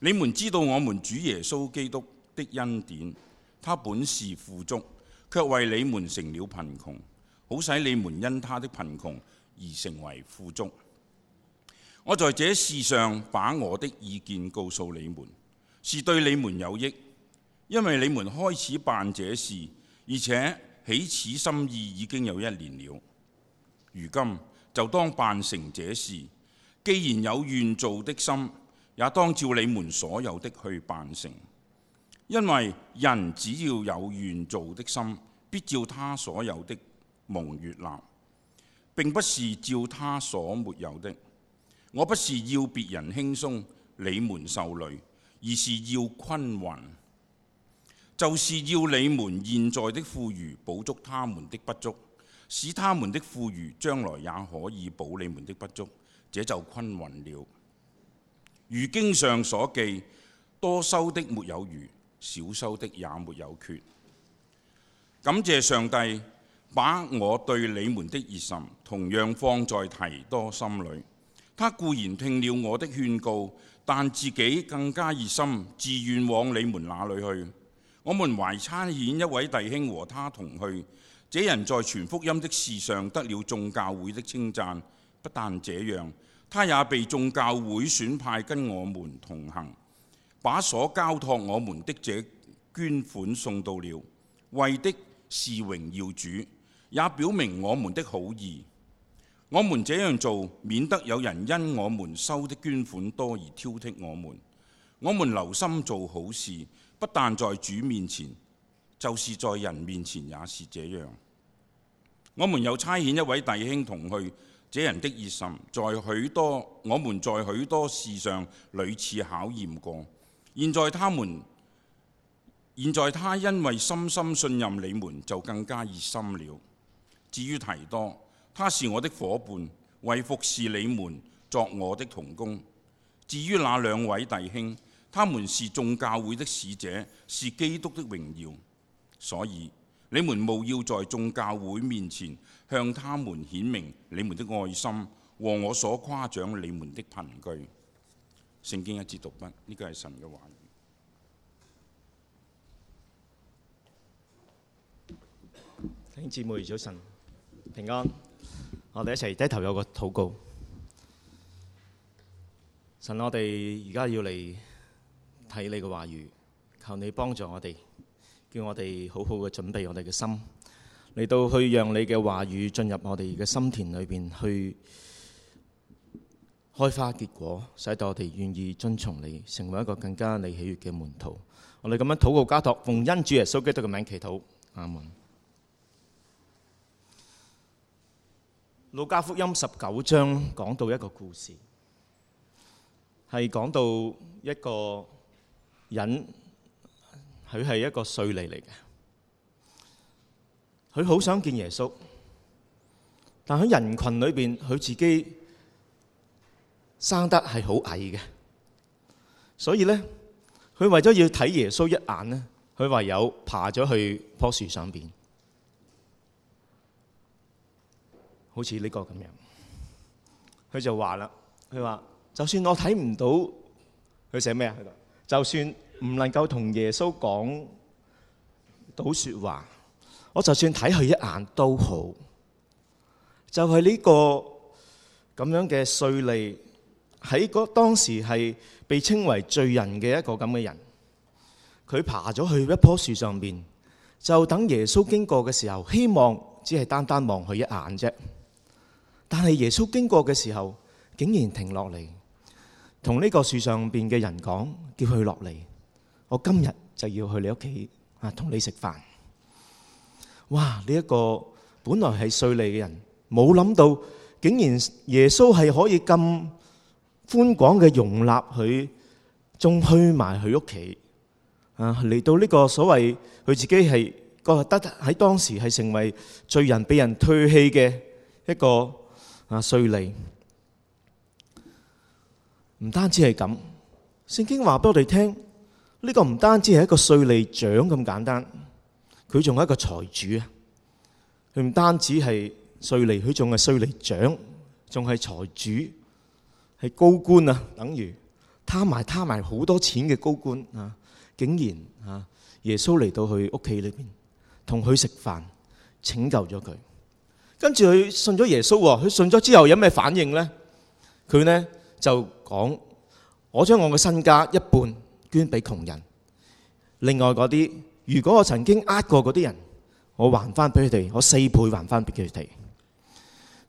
你們知道我們主耶穌基督的恩典，他本是富足，卻為你們成了貧窮，好使你們因他的貧窮而成為富足。我在這事上把我的意見告訴你們，是對你們有益，因為你們開始辦這事，而且起此心意已經有一年了。如今就當辦成這事，既然有願做的心。也當照你們所有的去辦成，因為人只要有願做的心，必照他所有的蒙越納。並不是照他所沒有的。我不是要別人輕鬆，你們受累，而是要均勻，就是要你們現在的富裕補足他們的不足，使他們的富裕將來也可以補你們的不足，這就均勻了。如經上所記，多收的沒有餘，少收的也沒有缺。感謝上帝把我對你們的熱心，同樣放在提多心裏。他固然聽了我的勸告，但自己更加熱心，自願往你們那裡去。我們還差遣一位弟兄和他同去。這人在傳福音的事上得了眾教會的稱讚。不但這樣。他也被眾教會選派跟我們同行，把所交託我們的這捐款送到了，為的是榮耀主，也表明我們的好意。我們這樣做，免得有人因我們收的捐款多而挑剔我們。我們留心做好事，不但在主面前，就是在人面前也是這樣。我們又差遣一位弟兄同去。這人的熱心，在許多我們在許多事上屢次考驗過。現在他們，現在他因為深深信任你們，就更加熱心了。至於提多，他是我的伙伴，為服事你們作我的同工。至於那兩位弟兄，他們是眾教會的使者，是基督的榮耀。所以你們務要在眾教會面前，向他們顯明你們的愛心和我所誇獎你們的憑據。聖經一節讀畢，呢個係神嘅話語。弟兄姊妹，早晨平安。我哋一齊低頭有個禱告。神，我哋而家要嚟睇你嘅話語，求你幫助我哋，叫我哋好好嘅準備我哋嘅心。嚟到去讓你嘅話語進入我哋嘅心田裏面，去開花結果，使到我哋願意遵從你，成為一個更加你喜悅嘅門徒。我哋咁樣禱告交託，奉恩主耶穌基督嘅名祈禱，阿門。路加福音十九章講到一個故事，係講到一個人，佢係一個稅吏嚟嘅。佢好想見耶穌，但喺人群裏邊，佢自己生得係好矮嘅，所以咧，佢為咗要睇耶穌一眼咧，佢唯有爬咗去樖樹上邊，好似呢個咁樣。佢就話啦，佢話就算我睇唔到，佢寫咩啊？就算唔能夠同耶穌講到說話。我就算睇佢一眼都好，就係呢個咁樣嘅稅吏，喺當時係被稱為罪人嘅一個咁嘅人，佢爬咗去一棵樹上邊，就等耶穌經過嘅時候，希望只係單單望佢一眼啫。但係耶穌經過嘅時候，竟然停落嚟，同呢個樹上邊嘅人講，叫佢落嚟，我今日就要去你屋企啊，同你食飯。哇！呢、這、一個本來係稅吏嘅人，冇諗到竟然耶穌係可以咁寬廣嘅容納佢，仲去埋佢屋企啊！嚟到呢個所謂佢自己係覺得喺當時係成為罪人、俾人唾棄嘅一個啊稅吏，唔單止係咁，聖經話俾我哋聽，呢、這個唔單止係一個稅吏長咁簡單。佢仲係一個財主啊！佢唔單止係稅吏，佢仲係稅吏長，仲係財主，係高官啊！等於貪埋貪埋好多錢嘅高官啊！竟然啊，耶穌嚟到佢屋企裏邊同佢食飯，拯救咗佢。跟住佢信咗耶穌，佢信咗之後有咩反應咧？佢咧就講：我將我嘅身家一半捐俾窮人，另外嗰啲，如果我曾經呃過嗰啲人，我還返俾佢哋，我四倍還返俾佢哋。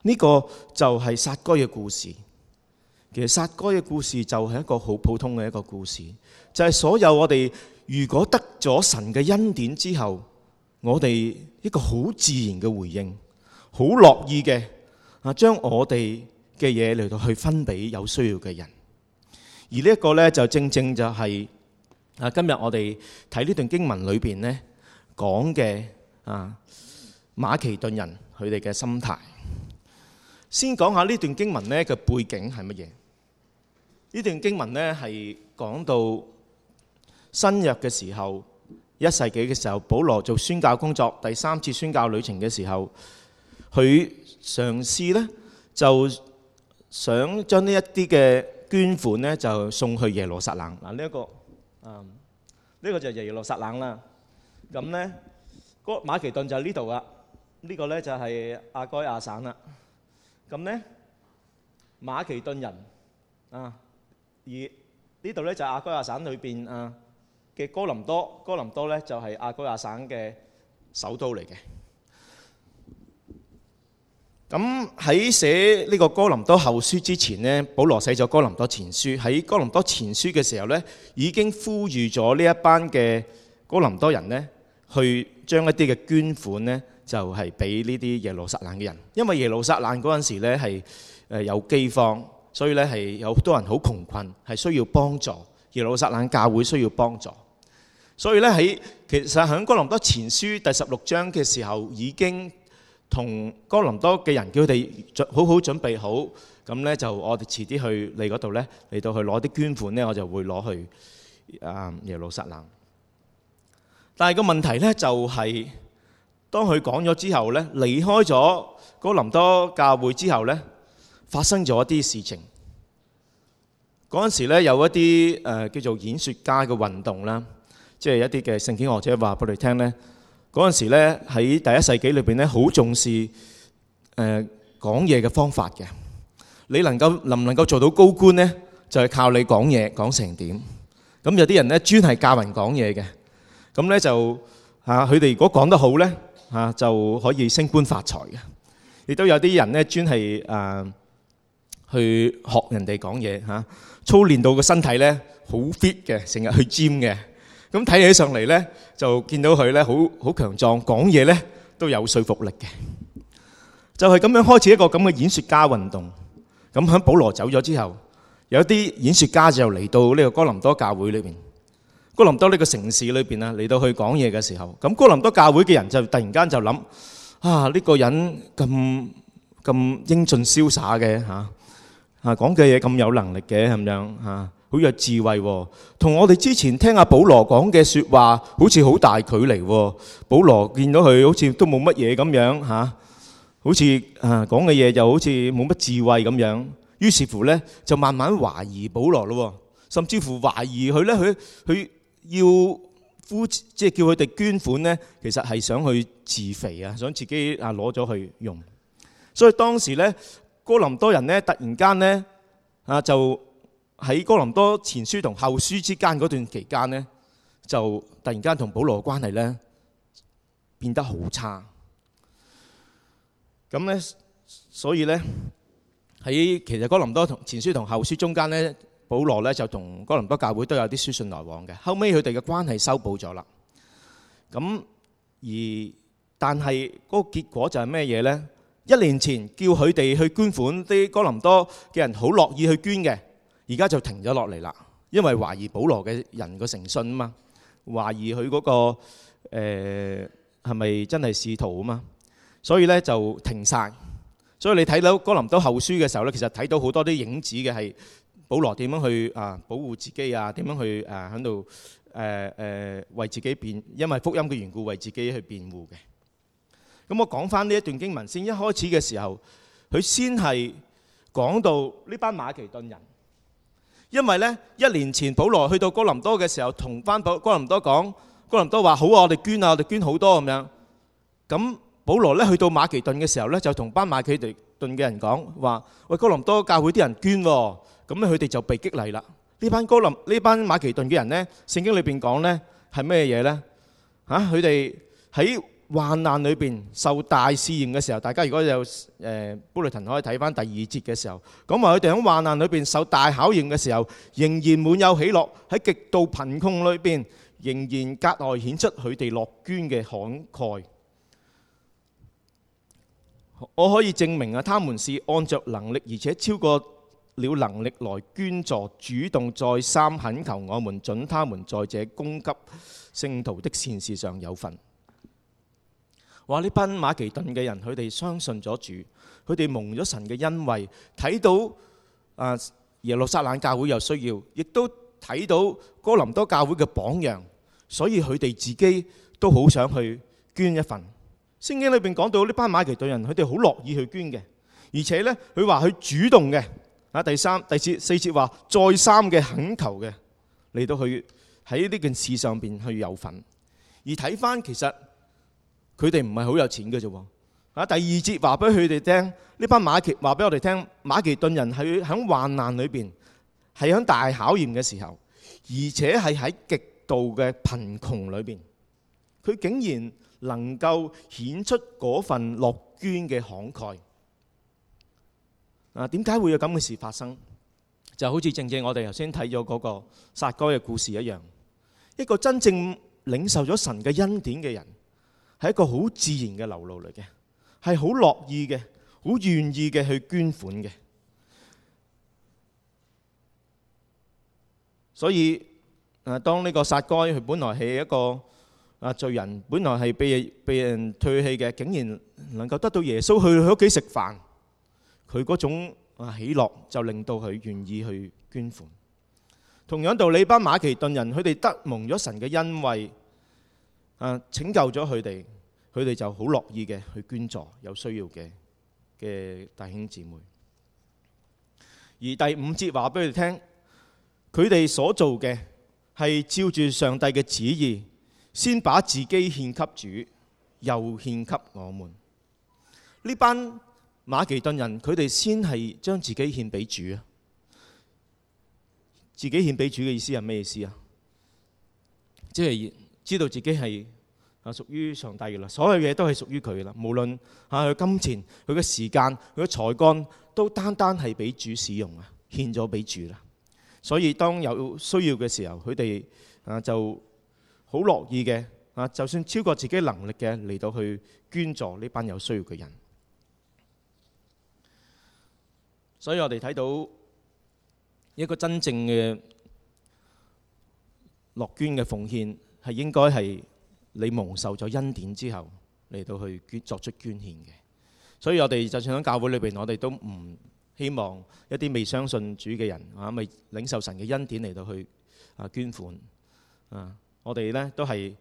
呢、這個就係撒該嘅故事。其實撒該嘅故事就係一個好普通嘅一個故事，就係、是、所有我哋如果得咗神嘅恩典之後，我哋一個好自然嘅回應，好樂意嘅啊，將我哋嘅嘢嚟到去分俾有需要嘅人。而呢一個呢，就正正就係、是。啊！今日我哋睇呢段經文裏邊呢講嘅啊馬其頓人佢哋嘅心態，先講下呢段經文呢嘅背景係乜嘢？呢段經文呢係講到新約嘅時候，一世紀嘅時候，保羅做宣教工作第三次宣教旅程嘅時候，佢嘗試呢就想將呢一啲嘅捐款呢就送去耶路撒冷嗱呢一個。嗯，呢個就係耶路撒冷啦。咁咧，個馬其頓就係呢度啊。呢個咧就係亞該亞省啦。咁咧，馬其頓、這個、人啊，而呢度咧就係亞該亞省裏邊啊嘅哥林多。哥林多咧就係亞該亞省嘅首都嚟嘅。咁喺寫呢個哥林多後書之前呢，保羅寫咗哥林多前書。喺哥林多前書嘅時候呢，已經呼籲咗呢一班嘅哥林多人呢，去將一啲嘅捐款呢，就係俾呢啲耶路撒冷嘅人。因為耶路撒冷嗰陣時呢，係誒有饑荒，所以呢係有好多人好窮困，係需要幫助，耶路撒冷教會需要幫助。所以呢，喺其實喺哥林多前書第十六章嘅時候已經。同哥林多嘅人，叫佢哋準好好準備好，咁呢就我哋遲啲去你嗰度呢，嚟到去攞啲捐款呢，我就會攞去啊耶路撒冷。但係個問題呢，就係、是，當佢講咗之後呢，離開咗哥林多教會之後呢，發生咗一啲事情。嗰陣時呢有一啲誒、呃、叫做演說家嘅運動啦，即係一啲嘅聖經學者話俾你聽呢。嗰陣時咧，喺第一世紀裏邊咧，好重視誒講嘢嘅方法嘅。你能夠能唔能夠做到高官咧，就係靠你講嘢講成點。咁有啲人咧，專係教人講嘢嘅，咁咧就嚇佢哋如果講得好咧嚇就可以升官發財嘅。亦都有啲人咧，專係誒去學人哋講嘢嚇，操練到個身體咧好 fit 嘅，成日去 gym 嘅。咁睇起上嚟咧，就見到佢咧，好好強壯，講嘢咧都有說服力嘅。就係咁樣開始一個咁嘅演説家運動。咁喺保羅走咗之後，有啲演説家就嚟到呢個哥林多教會裏邊，哥林多呢個城市裏邊啊，嚟到去講嘢嘅時候，咁哥林多教會嘅人就突然間就諗啊，呢個人咁咁英俊瀟灑嘅嚇，啊講嘅嘢咁有能力嘅係咁樣嚇。好似好大距離喎，保羅見到佢好似都冇乜嘢咁樣，好似，講嘅嘢又好似冇乜智慧咁樣，於是乎呢，就慢慢懷疑保羅咯，甚至乎懷疑佢呢，佢，佢要呼，即係叫佢哋捐款呢，其實係想去自肥，想自己攞咗去用。所以當時呢，喺哥林多前書同後書之間嗰段期間呢，就突然間同保羅嘅關係呢，變得好差。咁呢，所以呢，喺其實哥林多同前書同後書中間呢，保羅呢就同哥林多教會都有啲書信來往嘅。後尾佢哋嘅關係修補咗啦。咁而但係嗰個結果就係咩嘢呢？一年前叫佢哋去捐款，啲哥林多嘅人好樂意去捐嘅。而家就停咗落嚟啦，因為懷疑保羅嘅人個誠信啊嘛，懷疑佢嗰個誒係咪真係仕途啊嘛，所以呢就停晒。所以你睇到哥林多後書嘅時候呢，其實睇到好多啲影子嘅係保羅點樣去啊保護自己啊，點樣去啊喺度誒誒為自己辯，因為福音嘅緣故為自己去辯護嘅。咁我講返呢一段經文先。一開始嘅時候，佢先係講到呢班馬其頓人。因為呢，一年前保羅去到哥林多嘅時候，同翻保哥林多講，哥林多話好啊，我哋捐啊，我哋捐好多咁樣。咁保羅呢去到馬其頓嘅時候呢，就同班馬其頓嘅人講話：喂，哥林多教會啲人捐喎。咁呢佢哋就被激勵啦。呢班哥林呢班馬其頓嘅人呢，聖經裏邊講呢係咩嘢呢？嚇，佢哋喺患難裏邊受大試驗嘅時候，大家如果有誒 Bulletin 可以睇翻第二節嘅時候，咁話，佢哋喺患難裏邊受大考驗嘅時候，仍然滿有喜樂，喺極度貧窮裏邊，仍然格外顯出佢哋樂捐嘅慷慨。我可以證明啊，他們是按著能力，而且超過了能力來捐助，主動再三懇求我們準他們在這供給聖徒的善事上有份。話呢班馬其頓嘅人，佢哋相信咗主，佢哋蒙咗神嘅恩惠，睇到啊耶路撒冷教會有需要，亦都睇到哥林多教會嘅榜樣，所以佢哋自己都好想去捐一份。聖經裏邊講到呢班馬其頓人，佢哋好樂意去捐嘅，而且呢佢話佢主動嘅，啊第三、第四、四節話再三嘅懇求嘅，嚟到佢喺呢件事上邊去有份。而睇翻其實。佢哋唔係好有錢嘅啫喎。啊，第二節話俾佢哋聽，呢班馬其話俾我哋聽，馬其頓人喺喺患難裏面，係喺大考驗嘅時候，而且係喺極度嘅貧窮裏面。佢竟然能夠顯出嗰份樂捐嘅慷慨。啊，點解會有咁嘅事發生？就好似正正我哋頭先睇咗嗰個撒該嘅故事一樣，一個真正領受咗神嘅恩典嘅人。係一個好自然嘅流露嚟嘅，係好樂意嘅，好願意嘅去捐款嘅。所以，啊，當呢個撒該，佢本來係一個啊罪人，本來係被被人唾棄嘅，竟然能夠得到耶穌去佢屋企食飯，佢嗰種啊喜樂就令到佢願意去捐款。同樣道理，班馬其頓人，佢哋得蒙咗神嘅恩惠。拯救咗佢哋，佢哋就好樂意嘅去捐助有需要嘅嘅弟兄姊妹。而第五節話俾佢哋聽，佢哋所做嘅係照住上帝嘅旨意，先把自己獻給主，又獻給我們。呢班馬其頓人，佢哋先係將自己獻俾主啊！自己獻俾主嘅意思係咩意思啊？即係。知道自己係啊屬於上帝嘅啦，所有嘢都係屬於佢啦。無論啊佢金錢、佢嘅時間、佢嘅才幹，都單單係俾主使用啊，獻咗俾主啦。所以當有需要嘅時候，佢哋啊就好樂意嘅啊，就算超過自己能力嘅嚟到去捐助呢班有需要嘅人。所以我哋睇到一個真正嘅樂捐嘅奉獻。係應該係你蒙受咗恩典之後嚟到去捐作出捐獻嘅，所以我哋就算喺教會裏邊，我哋都唔希望一啲未相信主嘅人啊，未領受神嘅恩典嚟到去啊捐款啊，我哋呢都係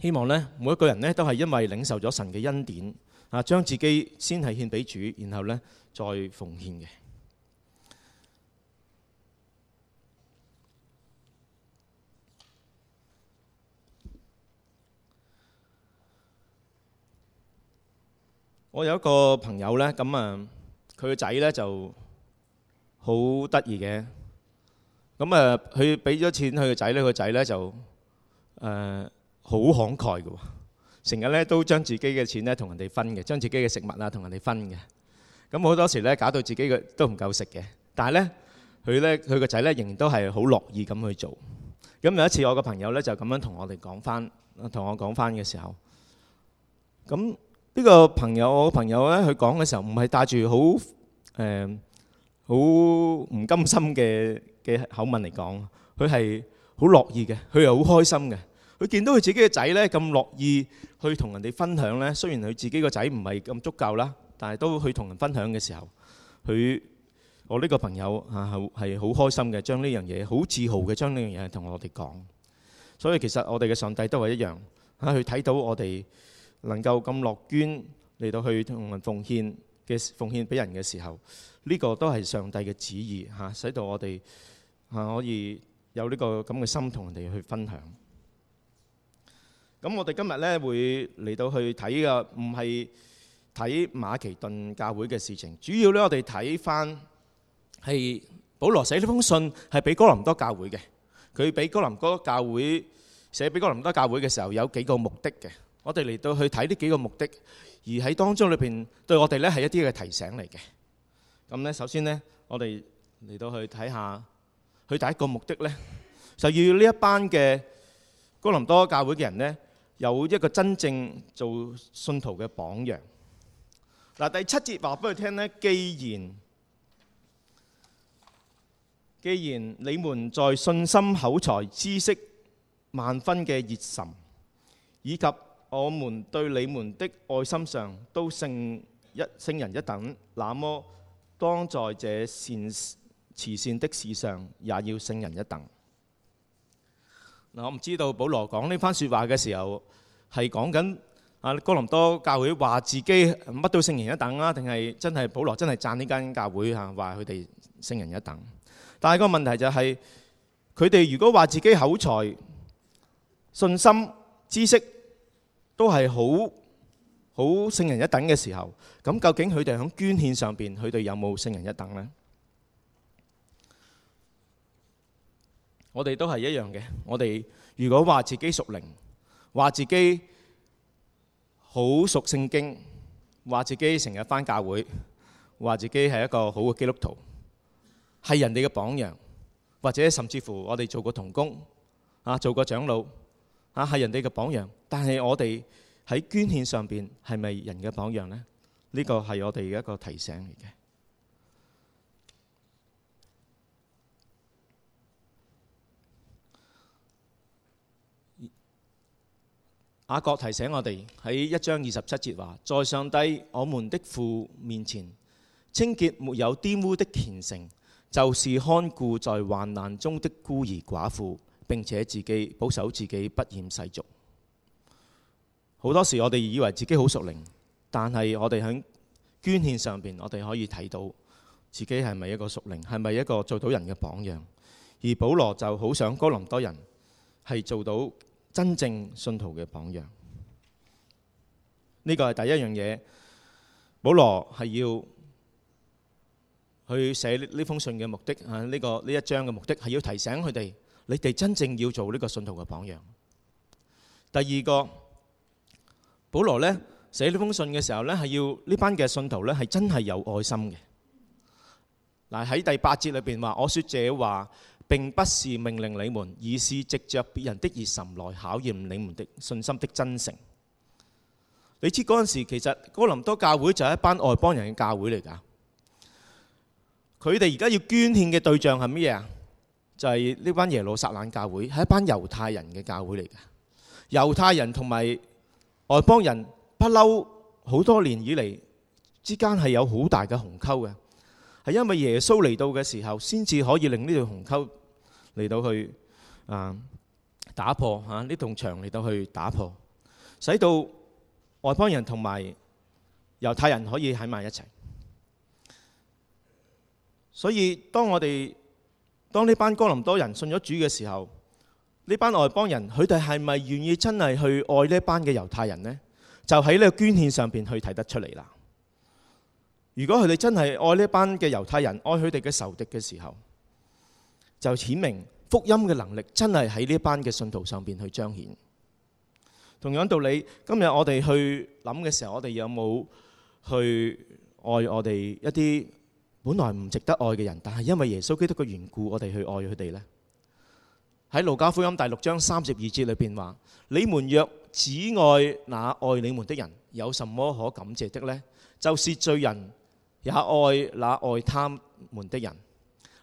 希望呢，每一個人呢都係因為領受咗神嘅恩典啊，將自己先係獻俾主，然後呢再奉獻嘅。我有一個朋友呢，咁啊，佢個仔呢就好得意嘅。咁啊，佢俾咗錢佢個仔呢，個仔呢就誒好慷慨嘅，成日呢都將自己嘅錢呢同人哋分嘅，將自己嘅食物啊同人哋分嘅。咁好多時呢搞到自己嘅都唔夠食嘅。但係呢，佢呢佢個仔呢仍然都係好樂意咁去做。咁有一次我個朋友呢就咁樣同我哋講返，同我講返嘅時候，咁。呢個朋友，我朋友呢，佢講嘅時候唔係帶住好誒好唔甘心嘅嘅口吻嚟講，佢係好樂意嘅，佢又好開心嘅。佢見到佢自己嘅仔呢咁樂意去同人哋分享呢，雖然佢自己個仔唔係咁足夠啦，但係都去同人分享嘅時候，佢我呢個朋友啊係好開心嘅，將呢樣嘢好自豪嘅將呢樣嘢同我哋講。所以其實我哋嘅上帝都係一樣，啊佢睇到我哋。能夠咁樂捐嚟到去同人奉獻嘅奉獻俾人嘅時候，呢個都係上帝嘅旨意嚇，使到我哋嚇可以有呢個咁嘅心同人哋去分享。咁我哋今日呢會嚟到去睇嘅唔係睇馬其頓教會嘅事情，主要呢我哋睇翻係保羅寫呢封信係俾哥林多教會嘅。佢俾哥林多教會，寫俾哥林多教會嘅時候有幾個目的嘅。我哋嚟到去睇呢幾個目的，而喺當中裏邊對我哋呢係一啲嘅提醒嚟嘅。咁呢，首先呢，我哋嚟到去睇下去第一個目的呢，就要呢一班嘅哥林多教會嘅人呢，有一個真正做信徒嘅榜樣。嗱，第七節話俾你聽呢：既然既然你們在信心、口才、知識萬分嘅熱忱以及我們對你們的愛心上都勝一勝人一等，那麼當在這善慈善的事上，也要勝人一等。嗱，我唔知道保羅講呢番説話嘅時候係講緊啊哥林多教會話自己乜都勝人一等啊？定係真係保羅真係讚呢間教會嚇話佢哋勝人一等？但係個問題就係佢哋如果話自己口才、信心、知識，都係好好聖人一等嘅時候，咁究竟佢哋喺捐獻上邊，佢哋有冇聖人一等呢？我哋都係一樣嘅。我哋如果話自己屬靈，話自己好熟聖經，話自己成日返教會，話自己係一個好嘅基督徒，係人哋嘅榜樣，或者甚至乎我哋做過同工，啊，做過長老。啊，係人哋嘅榜樣，但係我哋喺捐獻上邊係咪人嘅榜樣呢？呢個係我哋一個提醒嚟嘅。雅各提醒我哋喺一章二十七節話：在上帝我們的父面前，清潔沒有玷污的虔誠，就是看顧在患難中的孤兒寡婦。並且自己保守自己不染世俗。好多時我哋以為自己好屬靈，但係我哋喺捐獻上面，我哋可以睇到自己係咪一個屬靈，係咪一個做到人嘅榜樣。而保羅就好想哥林多人係做到真正信徒嘅榜樣。呢個係第一樣嘢。保羅係要去寫呢封信嘅目的啊，呢個呢一章嘅目的係要提醒佢哋。你哋真正要做呢個信徒嘅榜樣。第二個，保羅呢寫呢封信嘅時候呢，係要呢班嘅信徒呢係真係有愛心嘅。嗱，喺第八節裏面話：我說這話並不是命令你們，而是藉着別人的熱心來考驗你們的信心的真誠。你知嗰陣時其實哥林多教會就係一班外邦人嘅教會嚟㗎，佢哋而家要捐獻嘅對象係乜嘢啊？就係、是、呢班耶路撒冷教會係一班猶太人嘅教會嚟嘅。猶太人同埋外邦人不嬲好多年以嚟之間係有好大嘅鴻溝嘅，係因為耶穌嚟到嘅時候先至可以令呢條鴻溝嚟到去啊打破吓呢棟牆嚟到去打破，使到外邦人同埋猶太人可以喺埋一齊。所以當我哋當呢班哥林多人信咗主嘅時候，呢班外邦人，佢哋係咪願意真係去愛呢班嘅猶太人呢？就喺呢個捐獻上邊去睇得出嚟啦。如果佢哋真係愛呢班嘅猶太人，愛佢哋嘅仇敵嘅時候，就顯明福音嘅能力真係喺呢班嘅信徒上邊去彰顯。同樣道理，今日我哋去諗嘅時候，我哋有冇去愛我哋一啲本來唔值得愛嘅人，但係因為耶穌基督嘅緣故，我哋去愛佢哋呢，喺路加福音第六章三十二節裏邊話：「你們若只愛那愛你們的人，有什麼可感謝的呢？就是罪人也愛那愛他們的人。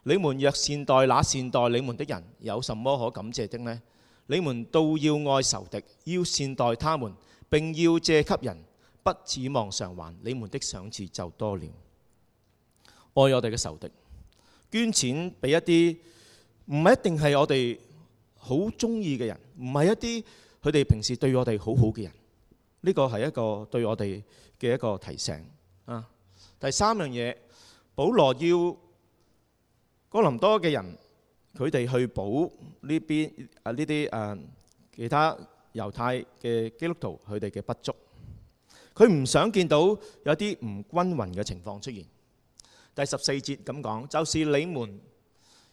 你們若善待那善待你們的人，有什麼可感謝的呢？你們都要愛仇敵，要善待他們，並要借給人，不指望償還。你們的賞賜就多了。愛我哋嘅仇敵，捐錢俾一啲唔係一定係我哋好中意嘅人，唔係一啲佢哋平時對我哋好好嘅人。呢個係一個對我哋嘅一個提醒啊。第三樣嘢，保羅要哥林多嘅人，佢哋去補呢邊啊呢啲誒其他猶太嘅基督徒，佢哋嘅不足，佢唔想見到有啲唔均匀嘅情況出現。第十四節咁講，就是你們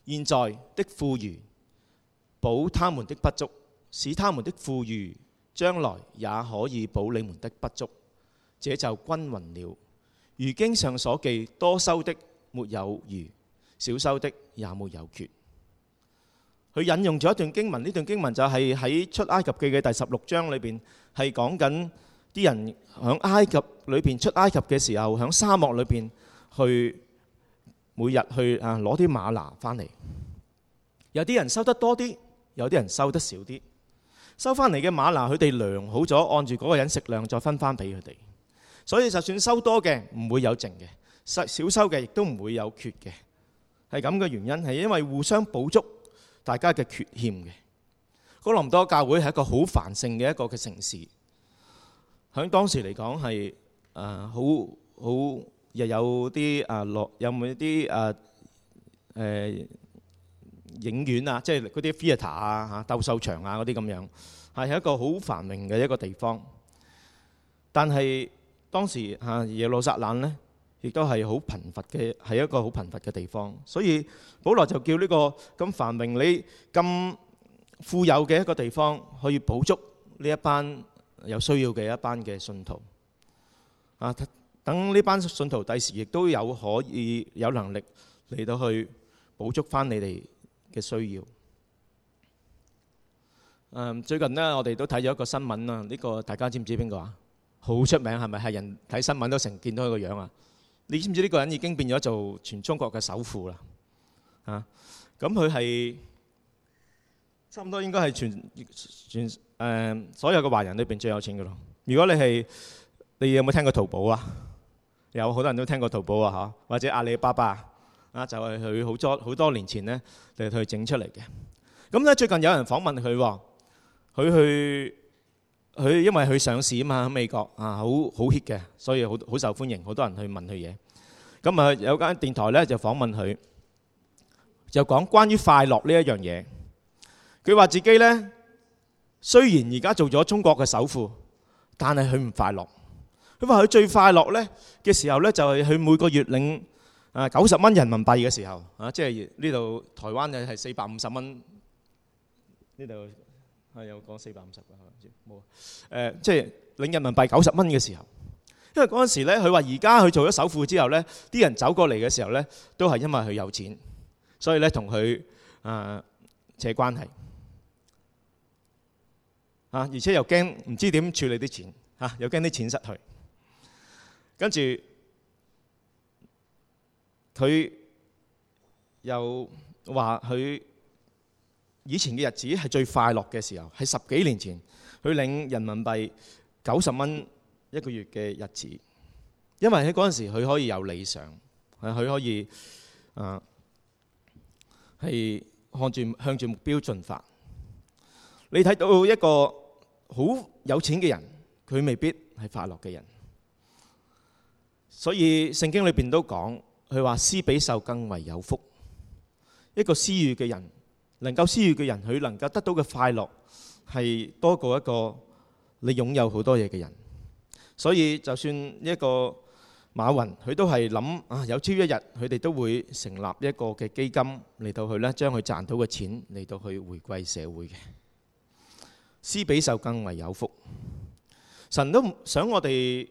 現在的富裕，補他們的不足，使他們的富裕，將來也可以補你們的不足，這就均勻了。如經上所記，多收的沒有餘，少收的也沒有缺。佢引用咗一段經文，呢段經文就係喺出埃及記嘅第十六章裏邊，係講緊啲人喺埃及裏邊出埃及嘅時候，喺沙漠裏邊去。每日去啊攞啲馬拿翻嚟，有啲人收得多啲，有啲人收得少啲。收翻嚟嘅馬拿，佢哋量好咗，按住嗰個人食量再分翻俾佢哋。所以就算收多嘅唔會有剩嘅，收少收嘅亦都唔會有缺嘅。係咁嘅原因係因為互相補足大家嘅缺欠嘅。哥林多教會係一個好繁盛嘅一個嘅城市，喺當時嚟講係啊好好。又有啲啊落有冇啲啊誒影院啊，即係嗰啲 theatre 啊嚇、鬥獸場啊嗰啲咁樣，係一個好繁榮嘅一個地方。但係當時嚇耶路撒冷咧，亦都係好貧乏嘅，係一個好貧乏嘅地方。所以保羅就叫呢個咁繁榮、你咁富有嘅一個地方，可以補足呢一班有需要嘅一班嘅信徒啊。等呢班信徒第時亦都有可以有能力嚟到去補足翻你哋嘅需要。嗯，最近呢，我哋都睇咗一個新聞啊，呢個大家知唔知邊個啊？好出名係咪？係人睇新聞都成見到佢個樣啊！你知唔知呢個人已經變咗做全中國嘅首富啦？咁佢係差唔多應該係全全誒、呃、所有嘅華人裏邊最有錢嘅咯。如果你係你有冇聽過淘寶啊？有好多人都聽過淘寶啊嚇，或者阿里巴巴啊，就係佢好多好多年前呢嚟佢整出嚟嘅。咁咧最近有人訪問佢，佢去佢因為佢上市啊嘛，喺美國啊好好 hit 嘅，所以好好受歡迎，好多人去問佢嘢。咁啊有間電台呢就訪問佢，就講關於快樂呢一樣嘢。佢話自己呢雖然而家做咗中國嘅首富，但係佢唔快樂。佢話：佢最快樂呢嘅時候呢，就係佢每個月領啊九十蚊人民幣嘅時候啊，即係呢度台灣嘅係四百五十蚊。呢度係有講四百五十嘅，嚇唔知冇誒，即係領人民幣九十蚊嘅時候。因為嗰陣時呢，佢話而家佢做咗首富之後呢，啲人走過嚟嘅時候呢，都係因為佢有錢，所以呢同佢啊扯關係啊，而且又驚唔知點處理啲錢嚇，又驚啲錢失去。跟住佢又話：佢以前嘅日子係最快樂嘅時候，係十幾年前佢領人民幣九十蚊一個月嘅日子，因為喺嗰陣時佢可以有理想，佢可以啊係看住向住目標進發。你睇到一個好有錢嘅人，佢未必係快樂嘅人。所以聖經裏邊都講，佢話施比受更為有福。一個施予嘅人，能夠施予嘅人，佢能夠得到嘅快樂係多過一個你擁有好多嘢嘅人。所以就算一個馬雲，佢都係諗啊，有朝一日佢哋都會成立一個嘅基金嚟到去咧，將佢賺到嘅錢嚟到去回歸社會嘅。施比受更為有福。神都想我哋。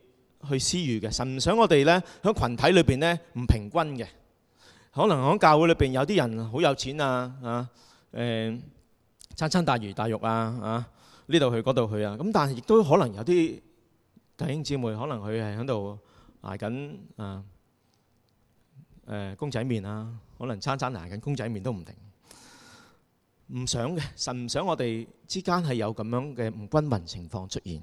去施予嘅，神唔想我哋呢，喺群體裏面呢，唔平均嘅，可能喺教會裏面有啲人好有錢啊啊、欸，餐餐大魚大肉啊啊，呢度去嗰度去啊，咁但係亦都可能有啲弟兄姊妹可能佢係喺度捱緊啊、呃、公仔麵啊，可能餐餐捱緊公仔麵都唔停，唔想嘅，神唔想我哋之間係有咁樣嘅唔均勻情況出現。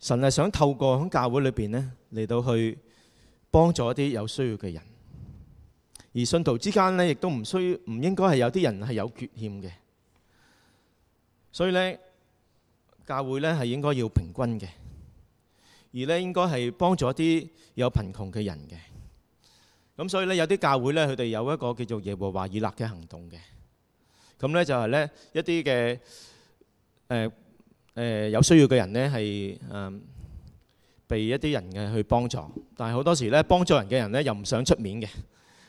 神係想透過喺教會裏邊呢嚟到去幫助一啲有需要嘅人，而信徒之間呢亦都唔需唔應該係有啲人係有缺欠嘅，所以呢，教會呢係應該要平均嘅，而呢應該係幫助一啲有貧窮嘅人嘅。咁所以呢，有啲教會呢，佢哋有一個叫做耶和華以勒嘅行動嘅，咁呢就係呢一啲嘅誒。誒有需要嘅人咧係誒被一啲人嘅去幫助，但係好多時咧幫助人嘅人咧又唔想出面嘅，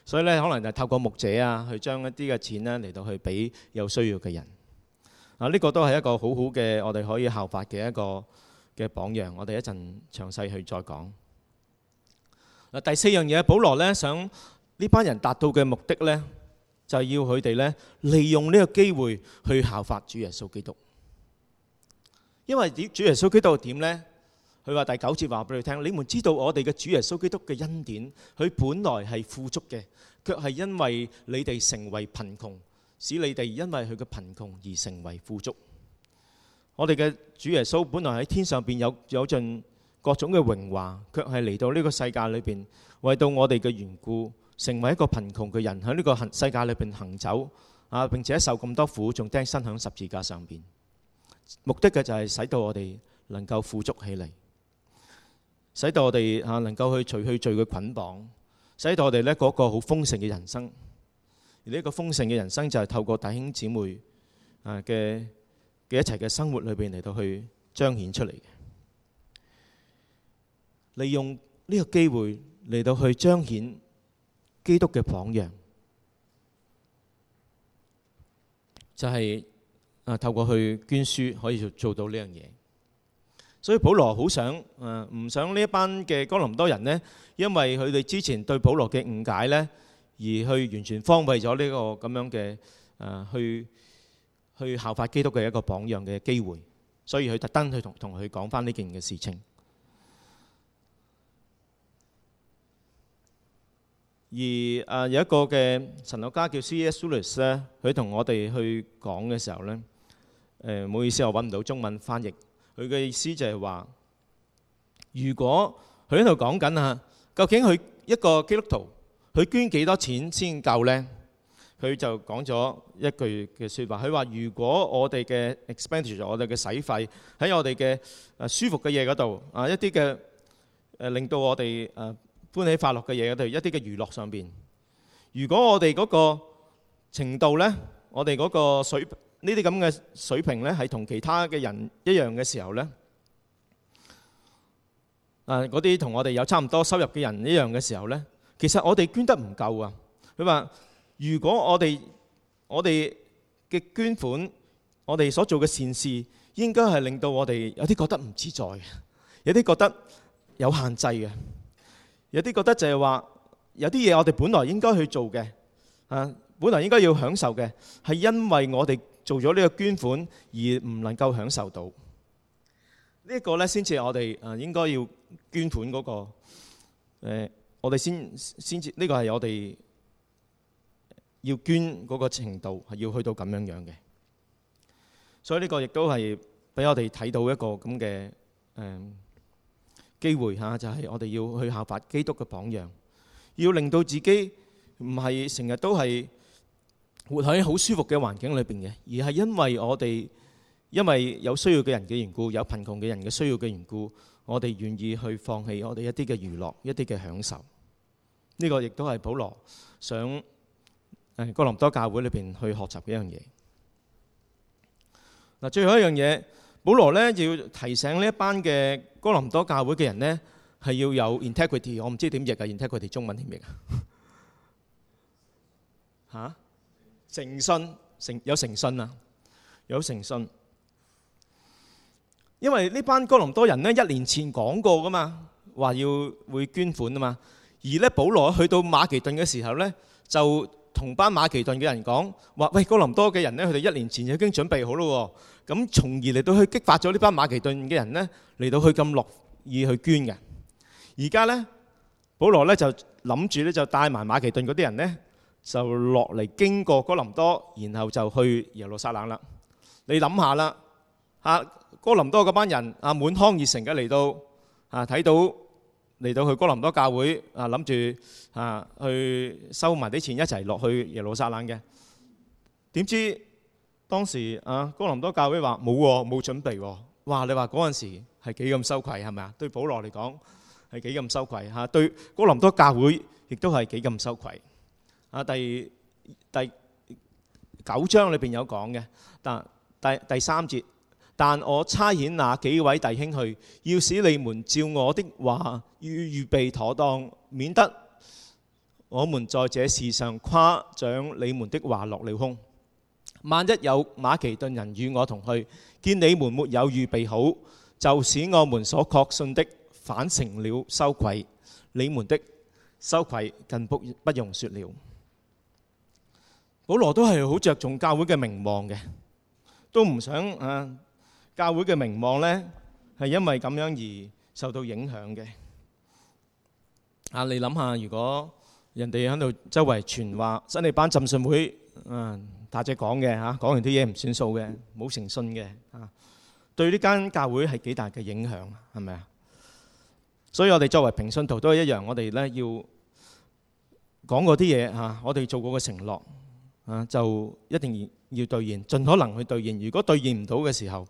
所以咧可能就透過牧者啊去將一啲嘅錢咧嚟到去俾有需要嘅人。啊，呢個都係一個好好嘅我哋可以效法嘅一個嘅榜樣。我哋一陣詳細去再講。嗱，第四樣嘢，保羅咧想呢班人達到嘅目的咧，就係要佢哋咧利用呢個機會去效法主耶穌基督。因為主耶穌基督點呢？佢話第九節話俾你聽：你們知道我哋嘅主耶穌基督嘅恩典，佢本來係富足嘅，卻係因為你哋成為貧窮，使你哋因為佢嘅貧窮而成為富足。我哋嘅主耶穌本來喺天上邊有有盡各種嘅榮華，卻係嚟到呢個世界裏邊，為到我哋嘅緣故，成為一個貧窮嘅人喺呢個世界裏邊行走啊，並且受咁多苦，仲釘身喺十字架上邊。目的嘅就係使到我哋能夠富足起嚟，使到我哋啊能夠去除去罪嘅捆綁，使到我哋呢嗰個好豐盛嘅人生。而呢個豐盛嘅人生就係透過弟兄姊妹嘅一齊嘅生活裏面嚟到去彰顯出嚟嘅。利用呢個機會嚟到去彰顯基督嘅榜樣，就係、是。啊，透過去捐書可以做做到呢樣嘢，所以保羅好想，誒唔想呢一班嘅哥林多人咧，因為佢哋之前對保羅嘅誤解咧，而去完全荒廢咗呢個咁樣嘅誒，去去效法基督嘅一個榜樣嘅機會，所以佢特登去同同佢講返呢件嘅事情。而誒有一個嘅神學家叫 C. S. Lewis 咧，佢同我哋去講嘅時候咧。誒、呃、唔好意思，我揾唔到中文翻譯。佢嘅意思就係話，如果佢喺度講緊啊，究竟佢一個基督徒，佢捐幾多錢先夠呢？佢就講咗一句嘅説話，佢話：如果我哋嘅 expenditure，我哋嘅使費喺我哋嘅誒舒服嘅嘢嗰度啊，一啲嘅、呃、令到我哋誒歡喜快樂嘅嘢，例如一啲嘅娛樂上邊，如果我哋嗰個程度呢，我哋嗰個水呢啲咁嘅水平呢，係同其他嘅人一樣嘅時候呢。嗰啲同我哋有差唔多收入嘅人一樣嘅時候呢，其實我哋捐得唔夠啊！佢話如果我哋我哋嘅捐款，我哋所做嘅善事，應該係令到我哋有啲覺得唔自在嘅，有啲覺得有限制嘅，有啲覺得就係話有啲嘢我哋本來應該去做嘅，啊，本來應該要享受嘅，係因為我哋做咗呢個捐款而唔能夠享受到，這個、呢一個咧先至我哋誒應該要捐款嗰、那個、呃、我哋先先至呢、這個係我哋要捐嗰個程度係要去到咁樣樣嘅。所以呢個亦都係俾我哋睇到一個咁嘅誒機會嚇，就係、是、我哋要去效法基督嘅榜樣，要令到自己唔係成日都係。活喺好舒服嘅環境裏邊嘅，而係因為我哋因為有需要嘅人嘅緣故，有貧窮嘅人嘅需要嘅緣故，我哋願意去放棄我哋一啲嘅娛樂、一啲嘅享受。呢、這個亦都係保羅想喺、哎、哥林多教會裏邊去學習一樣嘢。嗱，最後一樣嘢，保羅咧要提醒呢一班嘅哥林多教會嘅人咧，係要有 integrity 我、啊。我唔知點譯啊 integrity 中文點譯啊？吓、 啊？誠信，誠有誠信啊，有誠信、信。因為呢班哥林多人咧一年前講過㗎嘛，話要會捐款啊嘛。而呢保羅去到馬其頓嘅時候呢，就同班馬其頓嘅人講話，喂，哥林多嘅人呢，佢哋一年前已經準備好咯喎。咁、嗯、從而嚟到去激發咗呢班馬其頓嘅人呢，嚟到去咁樂意去捐嘅。而家呢，保羅呢就諗住呢，就帶埋馬其頓嗰啲人呢。就落嚟經過哥林多，然後就去耶路撒冷啦。你諗下啦，啊哥林多嗰班人啊滿腔熱誠嘅嚟到啊，睇到嚟到去哥林多教會啊，諗住啊去收埋啲錢，一齊落去耶路撒冷嘅。點知當時啊哥林多教會話冇冇準備喎。哇！你話嗰陣時係幾咁羞愧係咪啊？對保羅嚟講係幾咁羞愧嚇，對哥林多教會亦都係幾咁羞愧。啊！第第九章裏邊有講嘅，但第第三節，但我差遣那幾位弟兄去，要使你們照我的話預預備妥當，免得我們在這事上誇獎你們的話落了空。萬一有馬其頓人與我同去，見你們沒有預備好，就使我們所確信的反成了羞愧。你們的羞愧，更不不用説了。保羅都係好著重教會嘅名望嘅。都唔想啊，教會嘅名望咧係因為咁樣而受到影響嘅。啊，你諗下，如果人哋喺度周圍傳話，新地班浸信會啊，大隻講嘅嚇，講完啲嘢唔算數嘅，冇誠信嘅啊，對呢間教會係幾大嘅影響，係咪啊？所以我哋作為平信徒都係一樣，我哋咧要講過啲嘢嚇，我哋做過嘅承諾。啊，就一定要兌現，盡可能去兌現。如果兌現唔到嘅時候，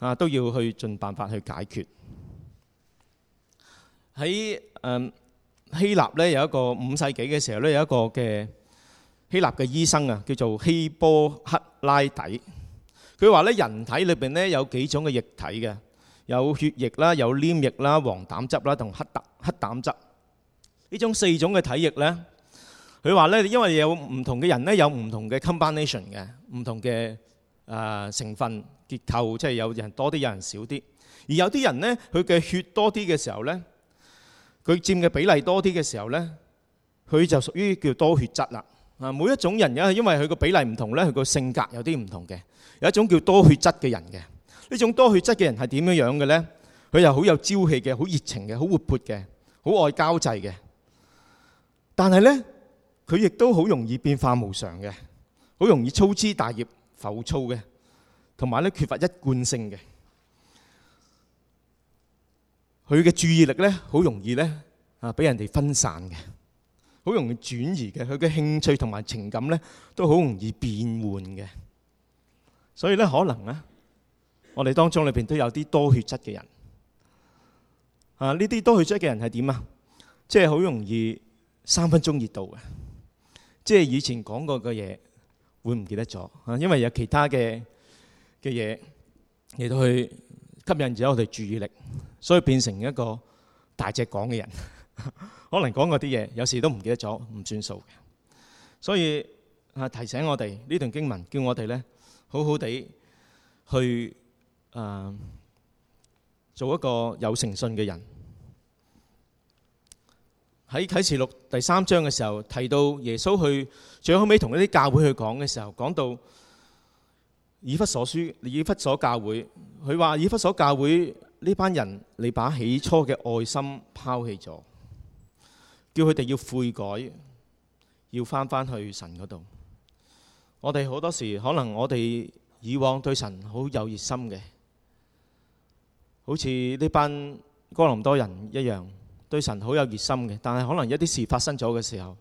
啊都要去盡辦法去解決。喺誒希臘咧有一個五世紀嘅時候咧，有一個嘅希臘嘅醫生啊，叫做希波克拉底。佢話咧，人體裏邊咧有幾種嘅液體嘅，有血液啦，有黏液啦，黃膽汁啦，同黑膽黑膽汁。呢種四種嘅體液咧。佢話咧，因為有唔同嘅人咧，有唔同嘅 combination 嘅，唔同嘅啊、呃、成分結構，即係有人多啲，有人少啲。而有啲人咧，佢嘅血多啲嘅時候咧，佢佔嘅比例多啲嘅時候咧，佢就屬於叫多血質啦。啊，每一種人因為佢個比例唔同咧，佢個性格有啲唔同嘅。有一種叫多血質嘅人嘅，呢種多血質嘅人係點樣樣嘅咧？佢又好有朝氣嘅，好熱情嘅，好活潑嘅，好愛交際嘅。但係咧，佢亦都好容易變化無常嘅，好容易粗枝大葉、浮躁嘅，同埋咧缺乏一貫性嘅。佢嘅注意力咧，好容易咧啊，俾人哋分散嘅，好容易轉移嘅。佢嘅興趣同埋情感咧，都好容易變換嘅。所以咧，可能咧，我哋當中裏邊都有啲多血質嘅人。啊，呢啲多血質嘅人係點啊？即係好容易三分鐘熱度嘅。即係以前講過嘅嘢，會唔記得咗？啊，因為有其他嘅嘅嘢嚟到去吸引咗我哋注意力，所以變成一個大隻講嘅人，可能講嗰啲嘢，有時都唔記得咗，唔算數嘅。所以啊，提醒我哋呢段經文，叫我哋咧好好地去啊做一個有誠信嘅人。喺啟示錄第三章嘅時候提到耶穌去最後尾同一啲教會去講嘅時候，講到以弗所書，以弗所教會，佢話以弗所教會呢班人，你把起初嘅愛心拋棄咗，叫佢哋要悔改，要翻翻去神嗰度。我哋好多時可能我哋以往對神好有熱心嘅，好似呢班哥林多人一樣。對神好有熱心嘅，但係可能一啲事發生咗嘅時候，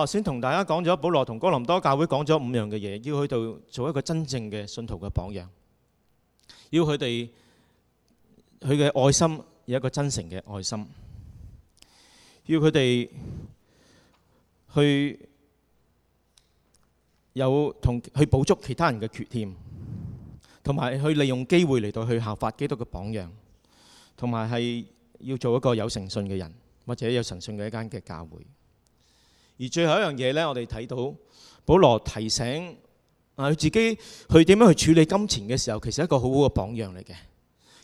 我，先同大家講咗，保羅同哥林多教會講咗五樣嘅嘢，要去到做一個真正嘅信徒嘅榜樣，要佢哋佢嘅愛心有一個真誠嘅愛心，要佢哋去有同去補足其他人嘅缺點，同埋去利用機會嚟到去效法基督嘅榜樣，同埋係要做一個有誠信嘅人，或者有誠信嘅一間嘅教會。而最後一樣嘢呢，我哋睇到保羅提醒啊，佢自己去點樣去處理金錢嘅時候，其實係一個好好嘅榜樣嚟嘅。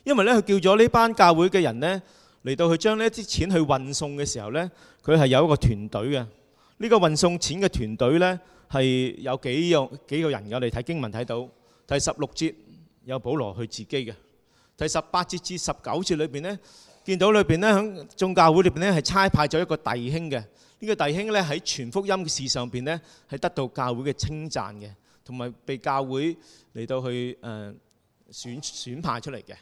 因為呢，佢叫咗呢班教會嘅人呢，嚟到去將呢啲錢去運送嘅時候呢，佢係有一個團隊嘅。呢個運送錢嘅團隊呢，係有幾樣幾個人嘅。我哋睇經文睇到，第十六節有保羅去自己嘅，第十八節至十九節裏邊呢，見到裏邊呢，響眾教會裏邊呢，係差派咗一個弟兄嘅。呢、這個弟兄咧喺全福音嘅事上邊呢，係得到教會嘅稱讚嘅，同埋被教會嚟到去誒、呃、選選派出嚟嘅。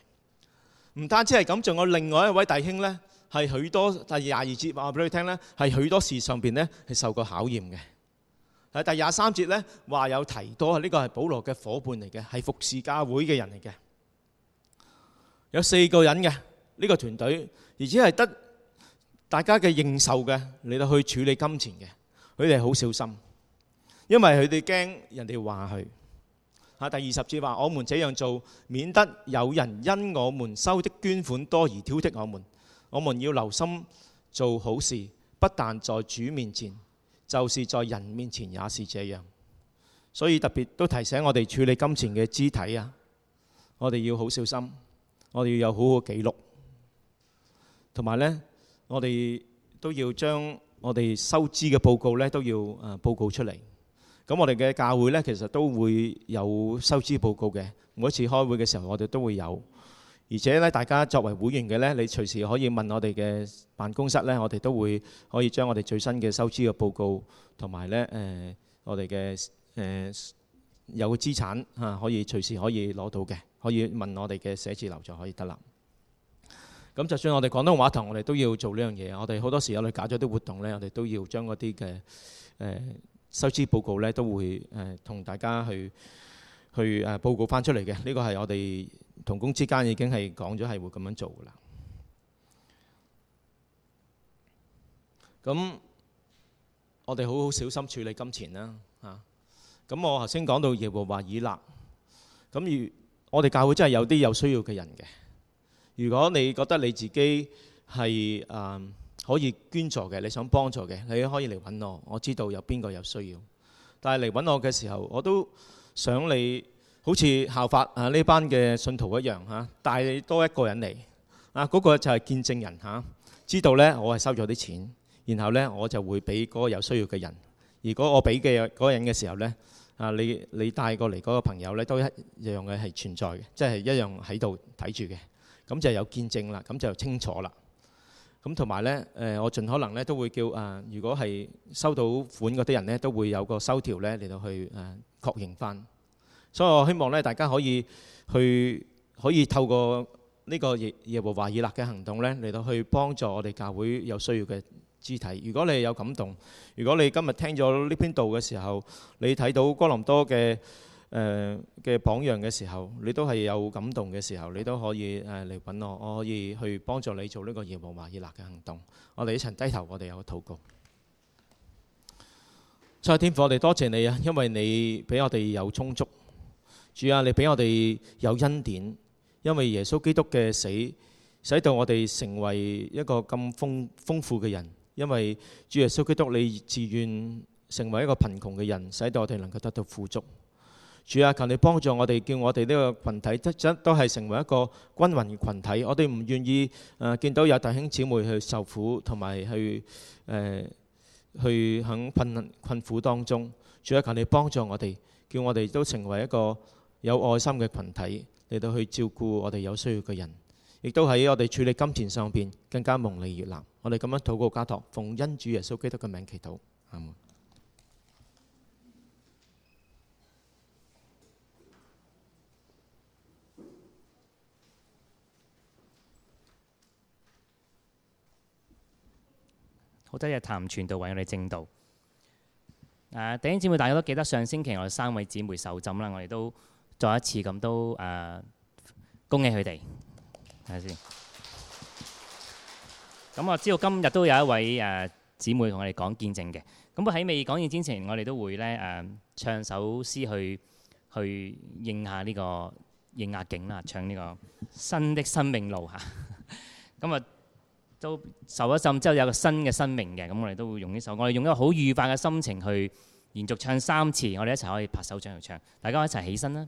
唔單止係咁，仲有另外一位弟兄呢，係許多第廿二節話俾你聽呢，係許多事上邊呢，係受過考驗嘅。喺第廿三節呢，話有提多，呢、這個係保羅嘅伙伴嚟嘅，係服侍教會嘅人嚟嘅。有四個人嘅呢、這個團隊，而且係得。大家嘅認受嘅，你都去處理金錢嘅，佢哋好小心，因為佢哋驚人哋話佢。啊，第二十節話：我們這樣做，免得有人因我們收的捐款多而挑剔我們。我們要留心做好事，不但在主面前，就是在人面前也是這樣。所以特別都提醒我哋處理金錢嘅肢體啊，我哋要好小心，我哋要有好好記錄，同埋呢。我哋都要將我哋收支嘅報告呢，都要誒報告出嚟。咁我哋嘅教會呢，其實都會有收支報告嘅。每一次開會嘅時候，我哋都會有。而且呢，大家作為會員嘅呢，你隨時可以問我哋嘅辦公室呢，我哋都會可以將我哋最新嘅收支嘅報告同埋呢，誒我哋嘅誒有資產吓，可以隨時可以攞到嘅，可以問我哋嘅寫字樓就可以得啦。.咁就算我哋廣東話堂，我哋都要做呢樣嘢。我哋好多時候咧搞咗啲活動呢，我哋都要將嗰啲嘅收支報告呢，都會、呃、同大家去去、呃、報告翻出嚟嘅。呢、這個係我哋同工之間已經係講咗係會咁樣做啦。咁我哋好好小心處理金錢啦咁、啊、我頭先講到耶和華以勒，咁如我哋教會真係有啲有需要嘅人嘅。如果你覺得你自己係誒、嗯、可以捐助嘅，你想幫助嘅，你可以嚟揾我。我知道有邊個有需要，但係嚟揾我嘅時候，我都想你好似效法啊呢班嘅信徒一樣嚇，帶你、啊、多一個人嚟啊，嗰、嗰個就係見證人嚇、啊，知道呢我係收咗啲錢，然後呢我就會俾嗰個有需要嘅人。如果我俾嘅嗰個人嘅時候呢，啊，你你帶過嚟嗰個朋友呢，都一樣嘅係存在嘅，即、就、係、是、一樣喺度睇住嘅，咁就係有見證啦，咁就清楚啦。咁同埋呢，誒，我盡可能呢都會叫啊，如果係收到款嗰啲人呢，都會有個收條呢嚟到去誒確認返。所以我希望呢，大家可以去可以透過呢個耶耶和華以勒嘅行動呢嚟到去幫助我哋教會有需要嘅肢體。如果你有感動，如果你今日聽咗呢篇道嘅時候，你睇到哥林多嘅。誒、呃、嘅榜樣嘅時候，你都係有感動嘅時候，你都可以誒嚟揾我，我可以去幫助你做呢個耶和華悅納嘅行動。我哋一齊低頭，我哋有個禱告。蔡天父，我哋多謝你啊，因為你俾我哋有充足，主啊，你俾我哋有恩典，因為耶穌基督嘅死，使到我哋成為一個咁豐豐富嘅人。因為主耶穌基督，你自願成為一個貧窮嘅人，使到我哋能夠得到富足。主啊，求你幫助我哋，叫我哋呢個群體，得得都係成為一個均勻嘅羣體。我哋唔願意誒、呃、見到有弟兄姊妹去受苦，同埋去誒、呃、去喺困困苦當中。主啊，求你幫助我哋，叫我哋都成為一個有愛心嘅群體，嚟到去照顧我哋有需要嘅人，亦都喺我哋處理金錢上面更加蒙你悅納。我哋咁樣禱告交託，奉恩主耶穌基督嘅名祈禱，Amen. 好多嘢譚傳道為我哋正道。誒、呃，弟兄姊妹，大家都記得上星期我哋三位姊妹受浸啦，我哋都再一次咁都誒、呃，恭喜佢哋，睇下先。咁、 嗯、我知道今日都有一位誒姊、呃、妹同我哋講見證嘅。咁、嗯、喺未講完之前，我哋都會咧誒、呃、唱首詩去去應下呢、這個應下景啦，唱呢個新的生命路嚇。咁啊。嗯嗯都受了一浸，之後有個新嘅生命嘅，咁我哋都會用這首歌，我哋用一個好愉快嘅心情去連續唱三次，我哋一齊可以拍手掌嚟唱，大家一齊起身啦。